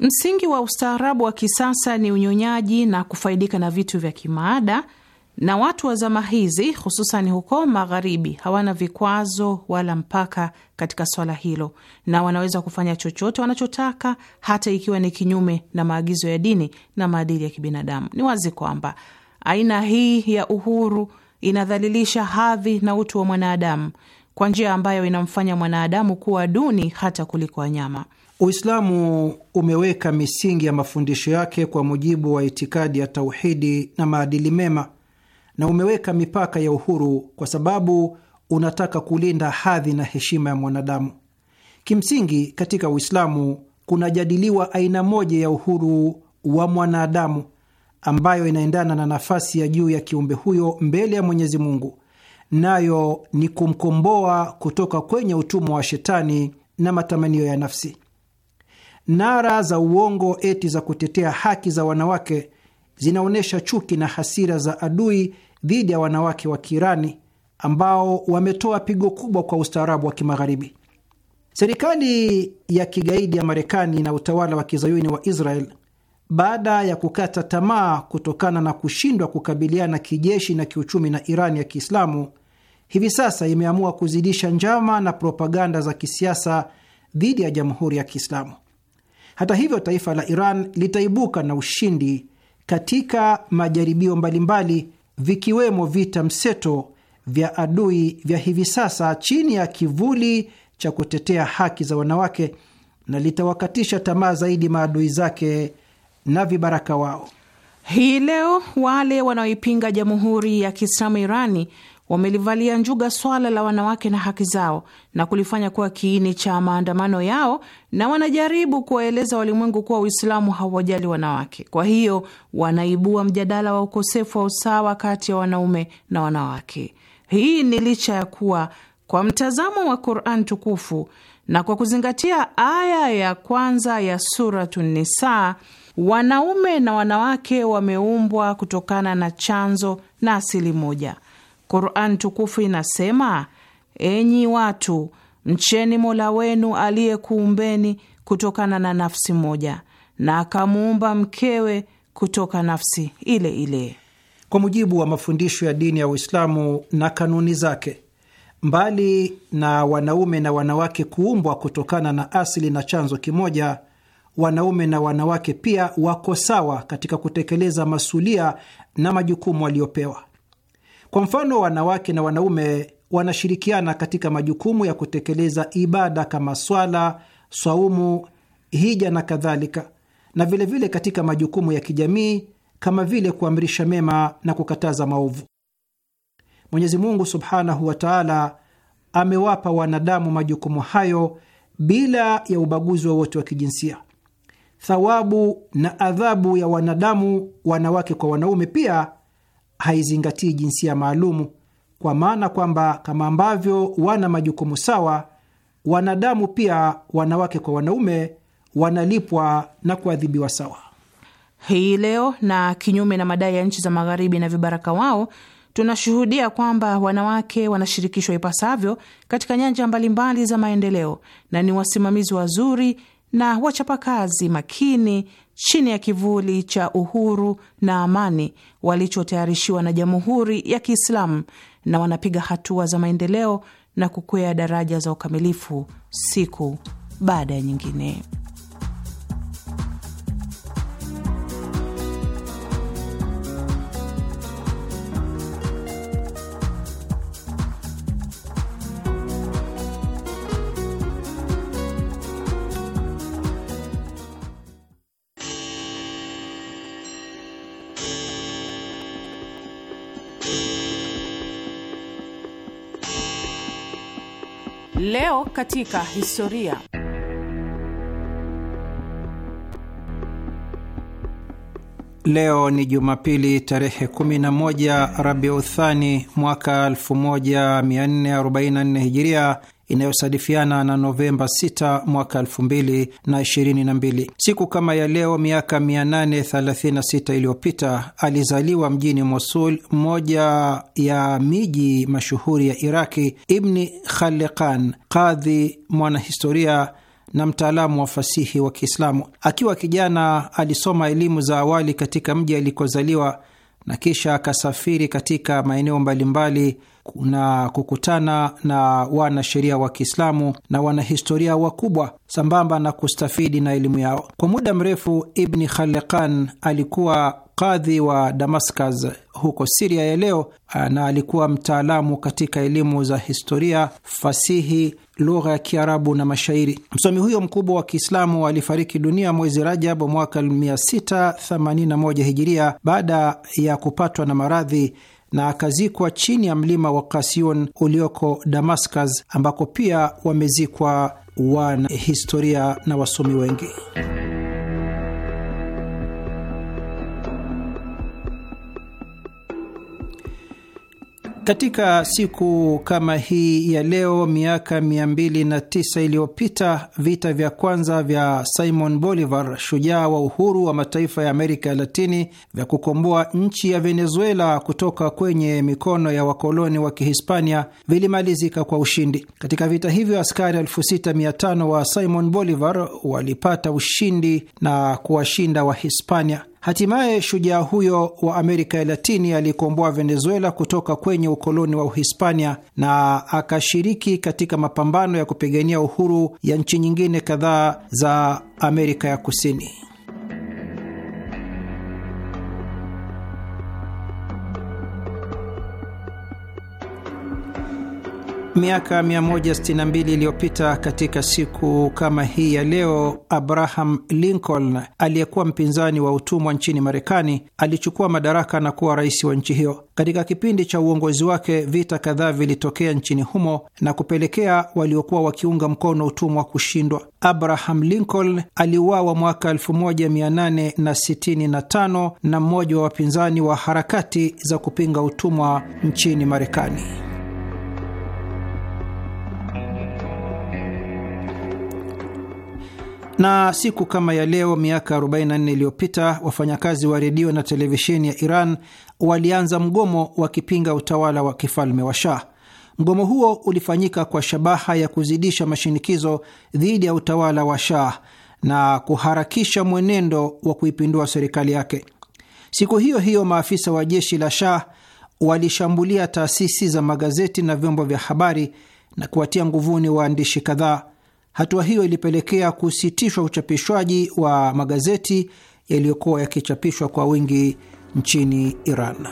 Speaker 3: Msingi wa ustaarabu wa kisasa ni unyonyaji na kufaidika na vitu vya kimaada, na watu wa zama hizi hususan huko magharibi hawana vikwazo wala mpaka katika swala hilo, na wanaweza kufanya chochote wanachotaka hata ikiwa ni kinyume na maagizo ya dini na maadili ya kibinadamu. Ni wazi kwamba aina hii ya uhuru inadhalilisha hadhi na utu wa mwanadamu kwa njia ambayo inamfanya mwanadamu kuwa duni hata kuliko wanyama.
Speaker 6: Uislamu umeweka misingi ya mafundisho yake kwa mujibu wa itikadi ya tauhidi na maadili mema, na umeweka mipaka ya uhuru kwa sababu unataka kulinda hadhi na heshima ya mwanadamu. Kimsingi, katika Uislamu kunajadiliwa aina moja ya uhuru wa mwanadamu ambayo inaendana na nafasi ya juu ya kiumbe huyo mbele ya Mwenyezi Mungu, nayo ni kumkomboa kutoka kwenye utumwa wa shetani na matamanio ya nafsi. Nara za uongo eti za kutetea haki za wanawake zinaonyesha chuki na hasira za adui dhidi ya wanawake wa Kiirani ambao wametoa pigo kubwa kwa ustaarabu wa Kimagharibi. Serikali ya kigaidi ya Marekani na utawala wa kizayuni wa Israel, baada ya kukata tamaa kutokana na kushindwa kukabiliana kijeshi na kiuchumi na Irani ya Kiislamu, hivi sasa imeamua kuzidisha njama na propaganda za kisiasa dhidi ya jamhuri ya Kiislamu. Hata hivyo, taifa la Iran litaibuka na ushindi katika majaribio mbalimbali, vikiwemo vita mseto vya adui vya hivi sasa chini ya kivuli cha kutetea haki za wanawake na litawakatisha tamaa zaidi maadui zake na vibaraka wao.
Speaker 3: Hii leo wale wanaoipinga Jamhuri ya Kiislamu Irani wamelivalia njuga swala la wanawake na haki zao na kulifanya kuwa kiini cha maandamano yao, na wanajaribu kuwaeleza walimwengu kuwa Uislamu hawajali wanawake. Kwa hiyo wanaibua mjadala wa ukosefu wa usawa kati ya wanaume na wanawake. Hii ni licha ya kuwa kwa mtazamo wa Quran tukufu na kwa kuzingatia aya ya kwanza ya Suratu nisa wanaume na wanawake wameumbwa kutokana na chanzo na asili moja. Qur'an tukufu inasema, enyi watu, mcheni Mola wenu aliyekuumbeni kutokana na nafsi moja na akamuumba mkewe kutoka nafsi ile ile. Kwa mujibu wa mafundisho ya dini ya Uislamu
Speaker 6: na kanuni zake, mbali na wanaume na wanawake kuumbwa kutokana na asili na chanzo kimoja, wanaume na wanawake pia wako sawa katika kutekeleza masulia na majukumu waliopewa. Kwa mfano, wanawake na wanaume wanashirikiana katika majukumu ya kutekeleza ibada kama swala, swaumu, hija na kadhalika, na vilevile vile katika majukumu ya kijamii kama vile kuamrisha mema na kukataza maovu. Mwenyezi Mungu subhanahu wa taala amewapa wanadamu majukumu hayo bila ya ubaguzi wowote wa, wa kijinsia. Thawabu na adhabu ya wanadamu, wanawake kwa wanaume, pia haizingatii jinsia maalumu, kwa maana kwamba kama ambavyo wana majukumu sawa, wanadamu pia, wanawake kwa wanaume, wanalipwa na kuadhibiwa sawa
Speaker 3: hii leo. Na kinyume na madai ya nchi za Magharibi na vibaraka wao, tunashuhudia kwamba wanawake wanashirikishwa ipasavyo katika nyanja mbalimbali za maendeleo na ni wasimamizi wazuri na wachapakazi makini chini ya kivuli cha uhuru na amani walichotayarishiwa na Jamhuri ya Kiislamu na wanapiga hatua za maendeleo na kukwea daraja za ukamilifu siku baada ya nyingine. katika historia.
Speaker 6: Leo ni Jumapili tarehe 11 Rabiuthani mwaka 1444 Hijiria, inayosadifiana na Novemba 6 mwaka 2022. Siku kama ya leo miaka 836 iliyopita alizaliwa mjini Mosul, mmoja ya miji mashuhuri ya Iraki, Ibni Khalekan, qadhi, mwanahistoria na mtaalamu wa fasihi wa Kiislamu. Akiwa kijana alisoma elimu za awali katika mji alikozaliwa na kisha akasafiri katika maeneo mbalimbali na kukutana na wanasheria wa Kiislamu na wanahistoria wakubwa sambamba na kustafidi na elimu yao. Kwa muda mrefu, Ibni Khalekan alikuwa kadhi wa Damascus huko Siria ya leo, ah, na alikuwa mtaalamu katika elimu za historia, fasihi, lugha ya Kiarabu na mashairi. Msomi huyo mkubwa wa Kiislamu alifariki dunia mwezi Rajab mwaka 681 hijiria baada ya kupatwa na maradhi na akazikwa chini ya mlima wa Kasion ulioko Damascus, ambako pia wamezikwa wanahistoria na wasomi wengi. Katika siku kama hii ya leo miaka 209 iliyopita vita vya kwanza vya Simon Bolivar, shujaa wa uhuru wa mataifa ya Amerika ya Latini, vya kukomboa nchi ya Venezuela kutoka kwenye mikono ya wakoloni wa Kihispania vilimalizika kwa ushindi. Katika vita hivyo askari 6500 wa Simon Bolivar walipata ushindi na kuwashinda Wahispania. Hatimaye shujaa huyo wa Amerika ya Latini alikomboa Venezuela kutoka kwenye ukoloni wa Uhispania na akashiriki katika mapambano ya kupigania uhuru ya nchi nyingine kadhaa za Amerika ya Kusini. Miaka 162 iliyopita katika siku kama hii ya leo, Abraham Lincoln aliyekuwa mpinzani wa utumwa nchini Marekani alichukua madaraka na kuwa rais wa nchi hiyo. Katika kipindi cha uongozi wake, vita kadhaa vilitokea nchini humo na kupelekea waliokuwa wakiunga mkono utumwa kushindwa. Abraham Lincoln aliuawa mwaka 1865 na mmoja wa wapinzani wa harakati za kupinga utumwa nchini Marekani. Na siku kama ya leo miaka 44 iliyopita wafanyakazi wa redio na televisheni ya Iran walianza mgomo wakipinga utawala wa kifalme wa Shah. Mgomo huo ulifanyika kwa shabaha ya kuzidisha mashinikizo dhidi ya utawala wa Shah na kuharakisha mwenendo wa kuipindua serikali yake. Siku hiyo hiyo maafisa wa jeshi la Shah walishambulia taasisi za magazeti na vyombo vya habari na kuwatia nguvuni waandishi kadhaa. Hatua hiyo ilipelekea kusitishwa uchapishwaji wa magazeti yaliyokuwa yakichapishwa kwa wingi nchini Iran.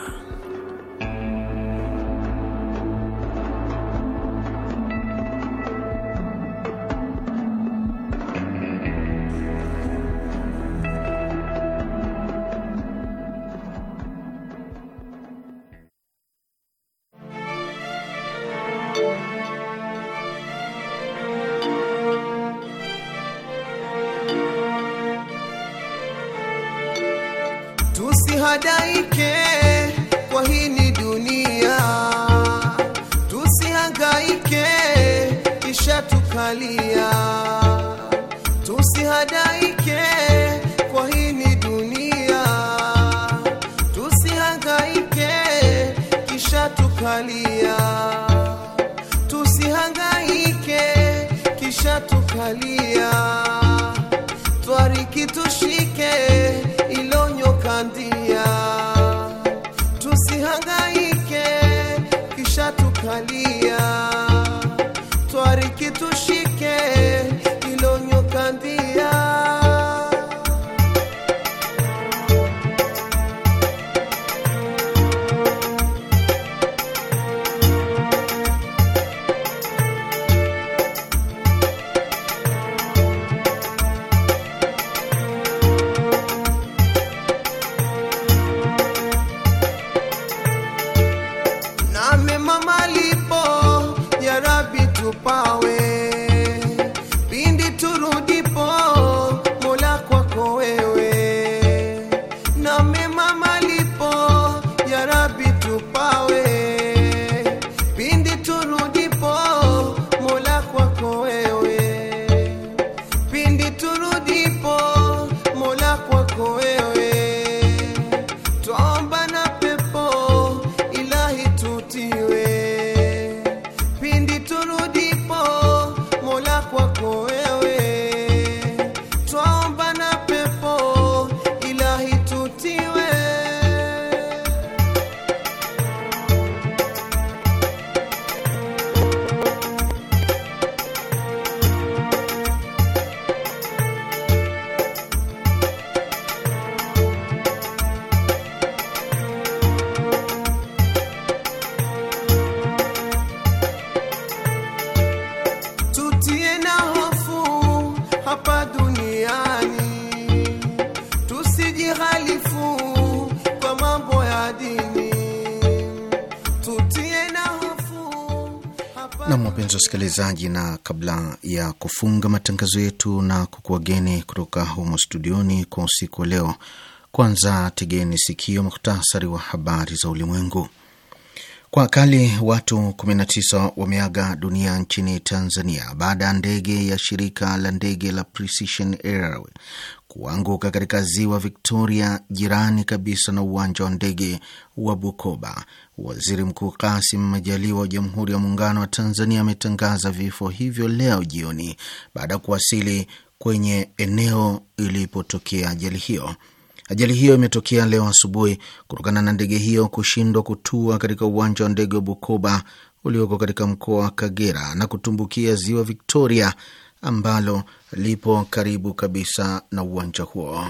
Speaker 2: wasikilizaji, na kabla ya kufunga matangazo yetu na kukuwageni kutoka humo studioni kwa usiku wa leo, kwanza tegeni sikio muhtasari wa habari za ulimwengu. Kwa akali watu 19 wameaga dunia nchini Tanzania baada ya ndege ya shirika la ndege la Precision kuanguka katika ziwa Victoria, jirani kabisa na uwanja wa ndege wa Bukoba. Waziri Mkuu Kasim Majaliwa wa Jamhuri ya Muungano wa Tanzania ametangaza vifo hivyo leo jioni baada ya kuwasili kwenye eneo ilipotokea ajali hiyo. Ajali hiyo imetokea leo asubuhi kutokana na ndege hiyo kushindwa kutua katika uwanja wa ndege wa Bukoba ulioko katika mkoa wa Kagera na kutumbukia ziwa Victoria ambalo lipo karibu kabisa na uwanja huo.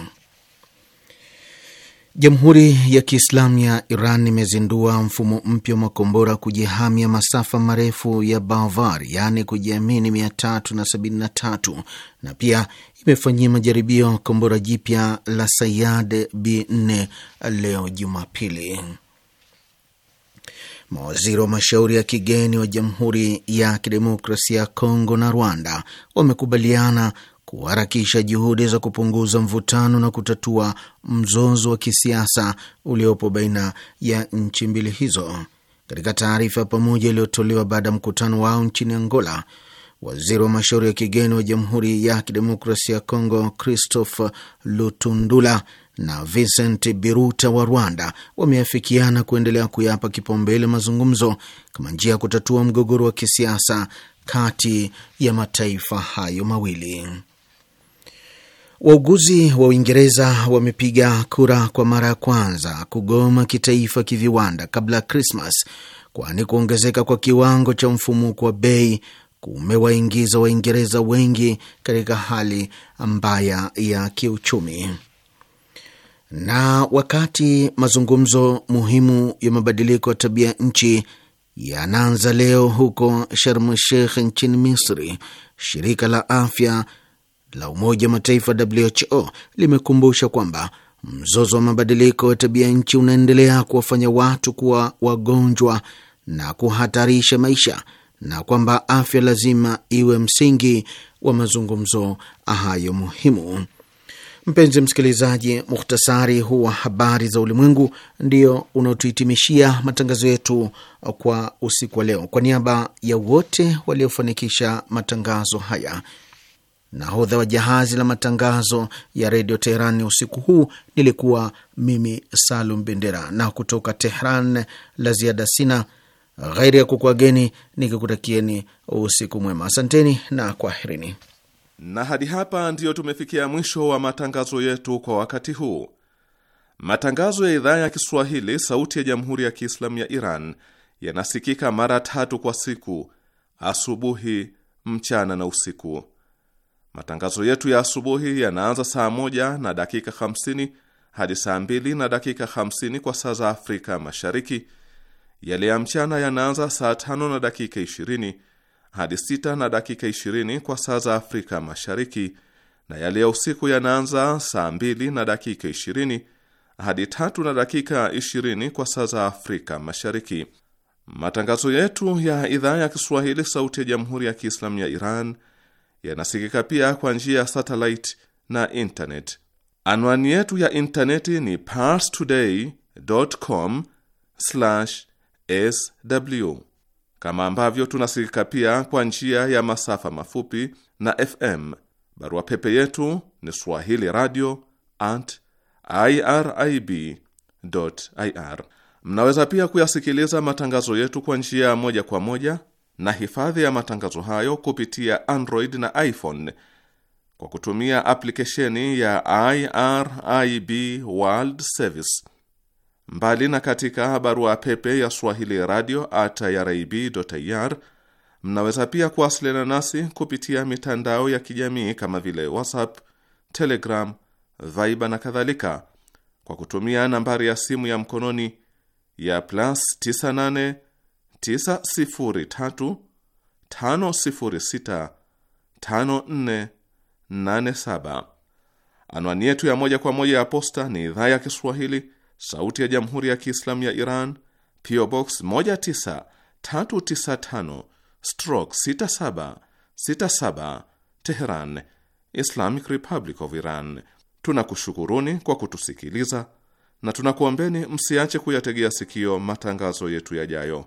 Speaker 2: Jamhuri ya Kiislamu ya Iran imezindua mfumo mpya wa makombora kujihamia masafa marefu ya Bavar, yaani kujiamini 373 na pia imefanyia majaribio kombora jipya la Sayad B4 leo Jumapili. Mawaziri wa mashauri ya kigeni wa Jamhuri ya Kidemokrasia ya Kongo na Rwanda wamekubaliana kuharakisha juhudi za kupunguza mvutano na kutatua mzozo wa kisiasa uliopo baina ya nchi mbili hizo. Katika taarifa pamoja iliyotolewa baada ya mkutano wao nchini Angola, waziri wa mashauri ya kigeni wa Jamhuri ya Kidemokrasia ya Kongo Christophe Lutundula na Vincent Biruta wa Rwanda wameafikiana kuendelea kuyapa kipaumbele mazungumzo kama njia ya kutatua mgogoro wa kisiasa kati ya mataifa hayo mawili. Wauguzi wa Uingereza wamepiga kura kwa mara ya kwanza kugoma kitaifa kiviwanda kabla ya Krismas, kwani kuongezeka kwa kiwango cha mfumuko wa bei kumewaingiza Waingereza wengi katika hali mbaya ya kiuchumi. Na wakati mazungumzo muhimu ya mabadiliko ya tabia nchi yanaanza leo huko Sharm el Sheikh nchini Misri, shirika la afya la Umoja wa Mataifa WHO limekumbusha kwamba mzozo wa mabadiliko ya tabia nchi unaendelea kuwafanya watu kuwa wagonjwa na kuhatarisha maisha na kwamba afya lazima iwe msingi wa mazungumzo hayo muhimu. Mpenzi msikilizaji, muhtasari huu wa habari za ulimwengu ndio unaotuhitimishia matangazo yetu kwa usiku wa leo. Kwa niaba ya wote waliofanikisha matangazo haya Nahodha wa jahazi la matangazo ya redio Teheran usiku huu nilikuwa mimi Salum Bendera, na kutoka Tehran la ziada sina ghairi ya kukuageni nikikutakieni usiku mwema. Asanteni na kwaherini.
Speaker 7: Na hadi hapa ndiyo tumefikia mwisho wa matangazo yetu kwa wakati huu. Matangazo ya idhaa ya Kiswahili sauti ya jamhuri ya Kiislamu ya Iran yanasikika mara tatu kwa siku: asubuhi, mchana na usiku Matangazo yetu ya asubuhi yanaanza saa moja na dakika 50 hadi saa mbili na dakika 50 kwa saa za Afrika Mashariki. Yale ya mchana yanaanza saa tano na dakika 20 hadi sita na dakika 20 kwa saa za Afrika Mashariki, na yale ya usiku yanaanza saa mbili na dakika 20 hadi tatu na dakika 20 kwa saa za Afrika Mashariki. Matangazo yetu ya idhaa ya Kiswahili, Sauti ya Jamhuri ya Kiislamu ya Iran yanasikika pia kwa njia ya satellite na internet. Anwani yetu ya intaneti ni parstoday.com/sw, kama ambavyo tunasikika pia kwa njia ya masafa mafupi na FM. Barua pepe yetu ni swahili radio at irib ir. Mnaweza pia kuyasikiliza matangazo yetu kwa njia moja kwa moja na hifadhi ya matangazo hayo kupitia Android na iPhone kwa kutumia aplikesheni ya IRIB World Service. Mbali na katika barua pepe ya Swahili radio at irib.ir, mnaweza pia kuwasiliana nasi kupitia mitandao ya kijamii kama vile WhatsApp, Telegram, Viber na kadhalika kwa kutumia nambari ya simu ya mkononi ya plus 98 903 Anwani yetu ya moja kwa moja ya posta ni idhaa ya Kiswahili, sauti ya jamhuri ya kiislamu ya Iran, PO Box 19395 stroke 6767 Teheran, Islamic Republic of Iran. Tunakushukuruni kwa kutusikiliza na tunakuombeni msiache kuyategea sikio matangazo yetu yajayo.